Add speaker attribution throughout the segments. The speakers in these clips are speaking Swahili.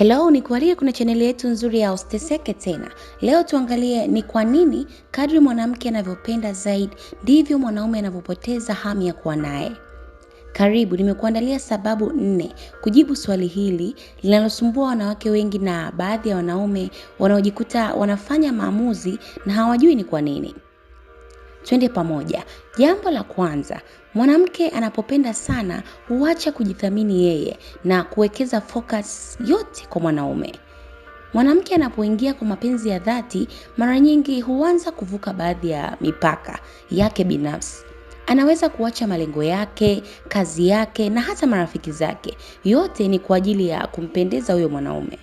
Speaker 1: Hello, ni kualie kuna chaneli yetu nzuri ya Usiteseke Tena. Leo tuangalie ni kwa nini kadri mwanamke anavyopenda zaidi ndivyo mwanaume anavyopoteza hamu ya kuwa naye. Karibu, nimekuandalia sababu nne kujibu swali hili linalosumbua wanawake wengi na baadhi ya wanaume wanaojikuta wanafanya maamuzi na hawajui ni kwa nini. Twende pamoja. Jambo la kwanza, mwanamke anapopenda sana huacha kujithamini yeye na kuwekeza focus yote kwa mwanaume. Mwanamke anapoingia kwa mapenzi ya dhati, mara nyingi huanza kuvuka baadhi ya mipaka yake binafsi. Anaweza kuacha malengo yake, kazi yake na hata marafiki zake. Yote ni kwa ajili ya kumpendeza huyo mwanaume.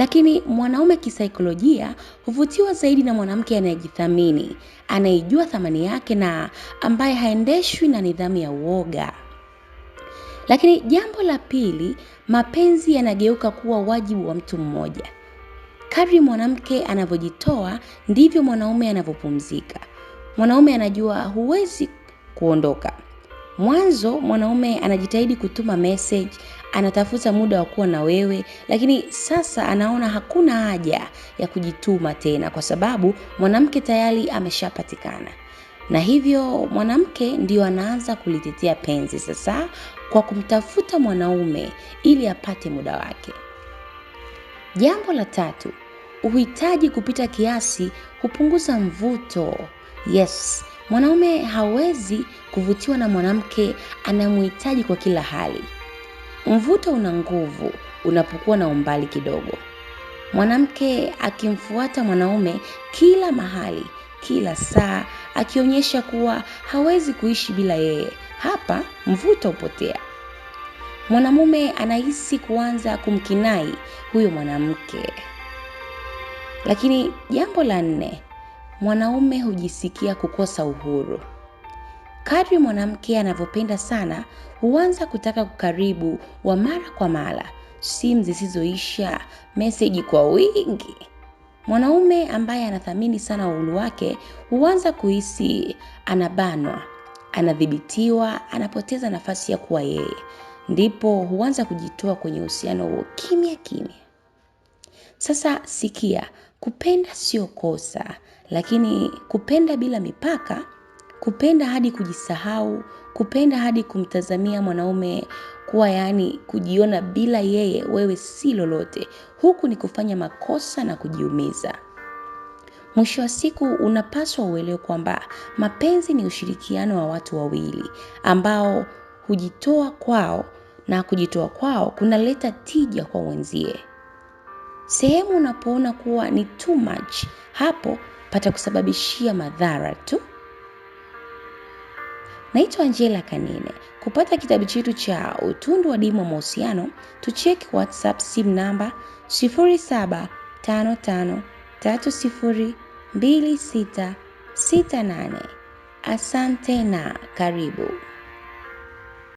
Speaker 1: Lakini mwanaume kisaikolojia huvutiwa zaidi na mwanamke anayejithamini, anayejua thamani yake na ambaye haendeshwi na nidhamu ya uoga. Lakini jambo la pili, mapenzi yanageuka kuwa wajibu wa mtu mmoja. Kadri mwanamke anavyojitoa ndivyo mwanaume anavyopumzika. Mwanaume anajua huwezi kuondoka Mwanzo mwanaume anajitahidi kutuma message, anatafuta muda wa kuwa na wewe, lakini sasa anaona hakuna haja ya kujituma tena kwa sababu mwanamke tayari ameshapatikana. Na hivyo mwanamke ndio anaanza kulitetea penzi sasa kwa kumtafuta mwanaume ili apate muda wake. Jambo la tatu, uhitaji kupita kiasi hupunguza mvuto. Yes, Mwanaume hawezi kuvutiwa na mwanamke anayemhitaji kwa kila hali. Mvuto una nguvu unapokuwa na umbali kidogo. Mwanamke akimfuata mwanaume kila mahali, kila saa, akionyesha kuwa hawezi kuishi bila yeye, hapa mvuto hupotea. Mwanamume anahisi kuanza kumkinai huyo mwanamke. Lakini jambo la nne, mwanaume hujisikia kukosa uhuru. Kadri mwanamke anavyopenda sana, huanza kutaka kukaribu wa mara kwa mara, simu zisizoisha, meseji kwa wingi. Mwanaume ambaye anathamini sana uhuru wake huanza kuhisi anabanwa, anadhibitiwa, anapoteza nafasi ya kuwa yeye. Ndipo huanza kujitoa kwenye uhusiano huo kimya kimya. Sasa sikia, Kupenda sio kosa, lakini kupenda bila mipaka, kupenda hadi kujisahau, kupenda hadi kumtazamia mwanaume kuwa yaani kujiona bila yeye wewe si lolote. Huku ni kufanya makosa na kujiumiza. Mwisho wa siku unapaswa uelewe kwamba mapenzi ni ushirikiano wa watu wawili ambao hujitoa kwao na kujitoa kwao kunaleta tija kwa wenzie. Sehemu unapoona kuwa ni too much, hapo pata kusababishia madhara tu. Naitwa Angela Kanine. Kupata kitabu chetu cha Utundu wa Dimu wa Mahusiano, tucheki WhatsApp simu namba 0755302668. Asante na karibu.